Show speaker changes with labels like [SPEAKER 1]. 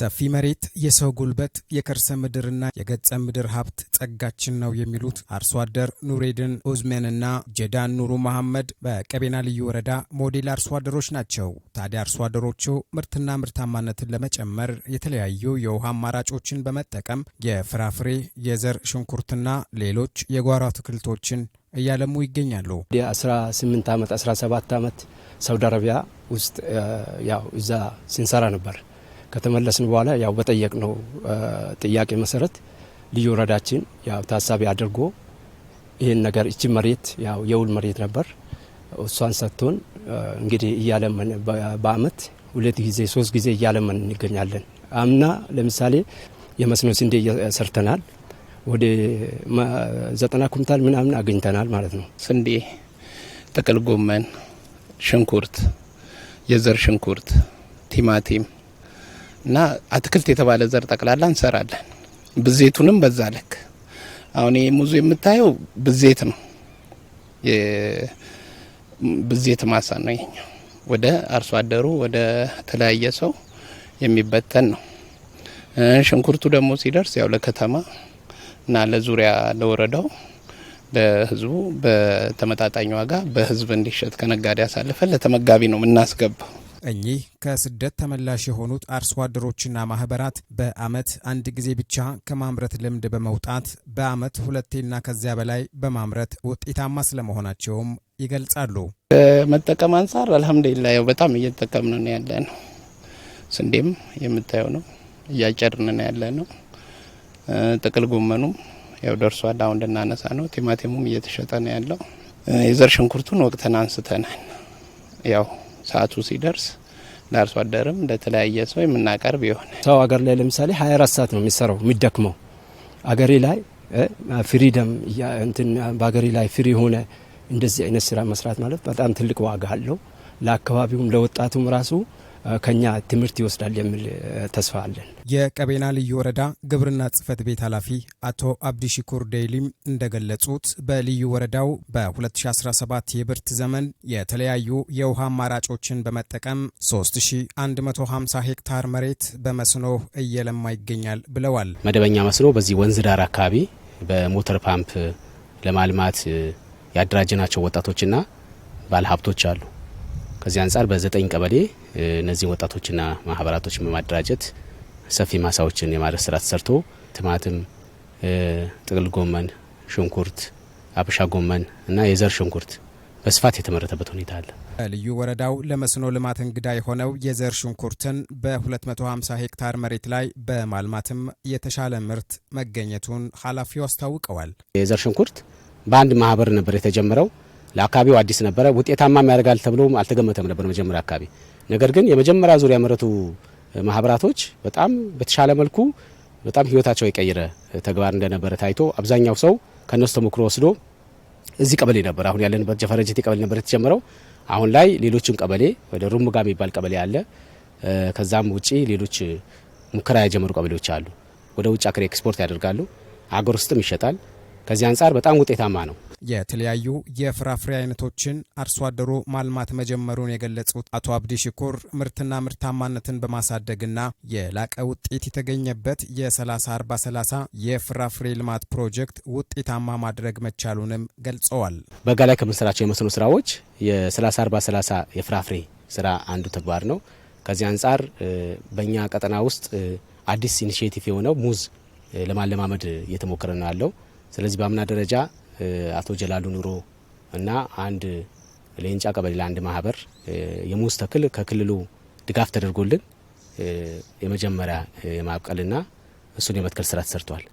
[SPEAKER 1] ሰፊ መሬት፣ የሰው ጉልበት፣ የከርሰ ምድርና የገጸ ምድር ሀብት ጸጋችን ነው የሚሉት አርሶ አደር ኑሬድን ኡዝሜንና ጀዳን ኑሩ መሐመድ በቀቤና ልዩ ወረዳ ሞዴል አርሶ አደሮች ናቸው። ታዲያ አርሶ አደሮቹ ምርትና ምርታማነትን ለመጨመር የተለያዩ የውሃ አማራጮችን በመጠቀም የፍራፍሬ፣ የዘር ሽንኩርትና ሌሎች የጓሮ አትክልቶችን እያለሙ ይገኛሉ።
[SPEAKER 2] የ18 ዓመት 17 ዓመት ሳውዲ አረቢያ ውስጥ ያው እዛ ስንሰራ ነበር ከተመለስን በኋላ ያው በጠየቅነው ጥያቄ መሰረት ልዩ ወረዳችን ያው ታሳቢ አድርጎ ይህን ነገር እቺ መሬት ያው የውል መሬት ነበር እሷን ሰጥቶን እንግዲህ እያለመን በአመት ሁለት ጊዜ ሶስት ጊዜ እያለመን እንገኛለን። አምና ለምሳሌ የመስኖ ስንዴ ሰርተናል። ወደ ዘጠና ኩንታል ምናምን አግኝተናል ማለት ነው።
[SPEAKER 3] ስንዴ፣ ጥቅል ጎመን፣ ሽንኩርት፣ የዘር ሽንኩርት፣ ቲማቲም እና አትክልት የተባለ ዘር ጠቅላላ እንሰራለን። ብዜቱንም በዛ ልክ አሁን ይህ ሙዙ የምታየው ብዜት ነው። ብዜት ማሳ ነው ይሄኛው። ወደ አርሶ አደሩ ወደ ተለያየ ሰው የሚበተን ነው። ሽንኩርቱ ደግሞ ሲደርስ ያው ለከተማ እና ለዙሪያ ለወረዳው ለህዝቡ በተመጣጣኝ ዋጋ በህዝብ እንዲሸጥ ከነጋዴ አሳልፈን ለተመጋቢ ነው የምናስገባው።
[SPEAKER 1] እኚህ ከስደት ተመላሽ የሆኑት አርሶ አደሮችና ማህበራት በአመት አንድ ጊዜ ብቻ ከማምረት ልምድ በመውጣት በአመት ሁለቴና ከዚያ በላይ በማምረት ውጤታማ ስለመሆናቸውም ይገልጻሉ።
[SPEAKER 3] ከመጠቀም አንጻር አልሐምዱሊላ ያው በጣም እየተጠቀምን ነው ያለ ነው። ስንዴም የምታየው ነው እያጨርን ነው ያለ ነው። ጥቅል ጎመኑም ያው ደርሷል አሁን ልናነሳ ነው። ቲማቲሙም እየተሸጠ ነው ያለው። የዘር ሽንኩርቱን ወቅተን አንስተናል ያው ሰዓቱ ሲደርስ ለአርሶ አደርም ለተለያየ ሰው የምናቀርብ የሆነ
[SPEAKER 2] ሰው ሀገር ላይ ለምሳሌ 24 ሰዓት ነው የሚሰራው የሚደክመው አገሬ ላይ ፍሪደም እንትን በሀገሬ ላይ ፍሪ ሆነ እንደዚህ አይነት ስራ መስራት ማለት በጣም ትልቅ ዋጋ አለው። ለአካባቢውም ለወጣቱም ራሱ ከኛ ትምህርት ይወስዳል የሚል ተስፋ አለን።
[SPEAKER 1] የቀቤና ልዩ ወረዳ ግብርና ጽህፈት ቤት ኃላፊ አቶ አብዲሽኩር ዴይሊም እንደገለጹት በልዩ ወረዳው በ2017 የብርት ዘመን የተለያዩ የውሃ አማራጮችን በመጠቀም 3150 ሄክታር መሬት በመስኖ እየለማ ይገኛል ብለዋል።
[SPEAKER 2] መደበኛ መስኖ በዚህ ወንዝ ዳር አካባቢ በሞተር ፓምፕ ለማልማት ያደራጀናቸው ወጣቶችና ባለሀብቶች አሉ። ከዚህ አንጻር በዘጠኝ ቀበሌ እነዚህን ወጣቶችና ማህበራቶችን በማደራጀት ሰፊ ማሳዎችን የማድረስ ስራ ተሰርቶ ትማትም፣ ጥቅል ጎመን፣ ሽንኩርት፣ አብሻ ጎመን እና የዘር ሽንኩርት በስፋት የተመረተበት ሁኔታ አለ።
[SPEAKER 1] ልዩ ወረዳው ለመስኖ ልማት እንግዳ የሆነው የዘር ሽንኩርትን በ250 ሄክታር መሬት ላይ በማልማትም የተሻለ ምርት መገኘቱን ኃላፊው አስታውቀዋል።
[SPEAKER 2] የዘር ሽንኩርት በአንድ ማህበር ነበር የተጀመረው። ለአካባቢው አዲስ ነበረ። ውጤታማም ያደርጋል ተብሎም አልተገመተም ነበር መጀመሪያ አካባቢ። ነገር ግን የመጀመሪያ ዙር ያመረቱ ማህበራቶች በጣም በተሻለ መልኩ በጣም ህይወታቸው የቀየረ ተግባር እንደነበረ ታይቶ አብዛኛው ሰው ከነሱ ተሞክሮ ወስዶ እዚህ ቀበሌ ነበር አሁን ያለንበት ጀፈረጀቴ ቀበሌ ነበር የተጀመረው። አሁን ላይ ሌሎችም ቀበሌ ወደ ሩምጋ የሚባል ቀበሌ አለ። ከዛም ውጪ ሌሎች ሙከራ የጀመሩ ቀበሌዎች አሉ። ወደ ውጭ አገር ኤክስፖርት ያደርጋሉ፣ አገር ውስጥም ይሸጣል። ከዚህ አንጻር በጣም ውጤታማ ነው።
[SPEAKER 1] የተለያዩ የፍራፍሬ አይነቶችን አርሶ አደሩ ማልማት መጀመሩን የገለጹት አቶ አብዲ ሽኩር ምርትና ምርታማነትን በማሳደግና የላቀ ውጤት የተገኘበት የ304030 የፍራፍሬ ልማት ፕሮጀክት ውጤታማ ማድረግ መቻሉንም ገልጸዋል።
[SPEAKER 2] በጋ ላይ ከምንሰራቸው የመስኖ ስራዎች የ304030 የፍራፍሬ ስራ አንዱ ተግባር ነው። ከዚህ አንጻር በእኛ ቀጠና ውስጥ አዲስ ኢኒሽቲቭ የሆነው ሙዝ ለማለማመድ እየተሞከረ ነው ያለው። ስለዚህ በአምና ደረጃ አቶ ጀላሉ ኑሮ እና አንድ ለእንጫ ቀበሌ ለአንድ ማህበር የሙዝ ተክል ከክልሉ ድጋፍ ተደርጎልን የመጀመሪያ የማብቀልና እሱን የመትከል ስራ ተሰርቷል።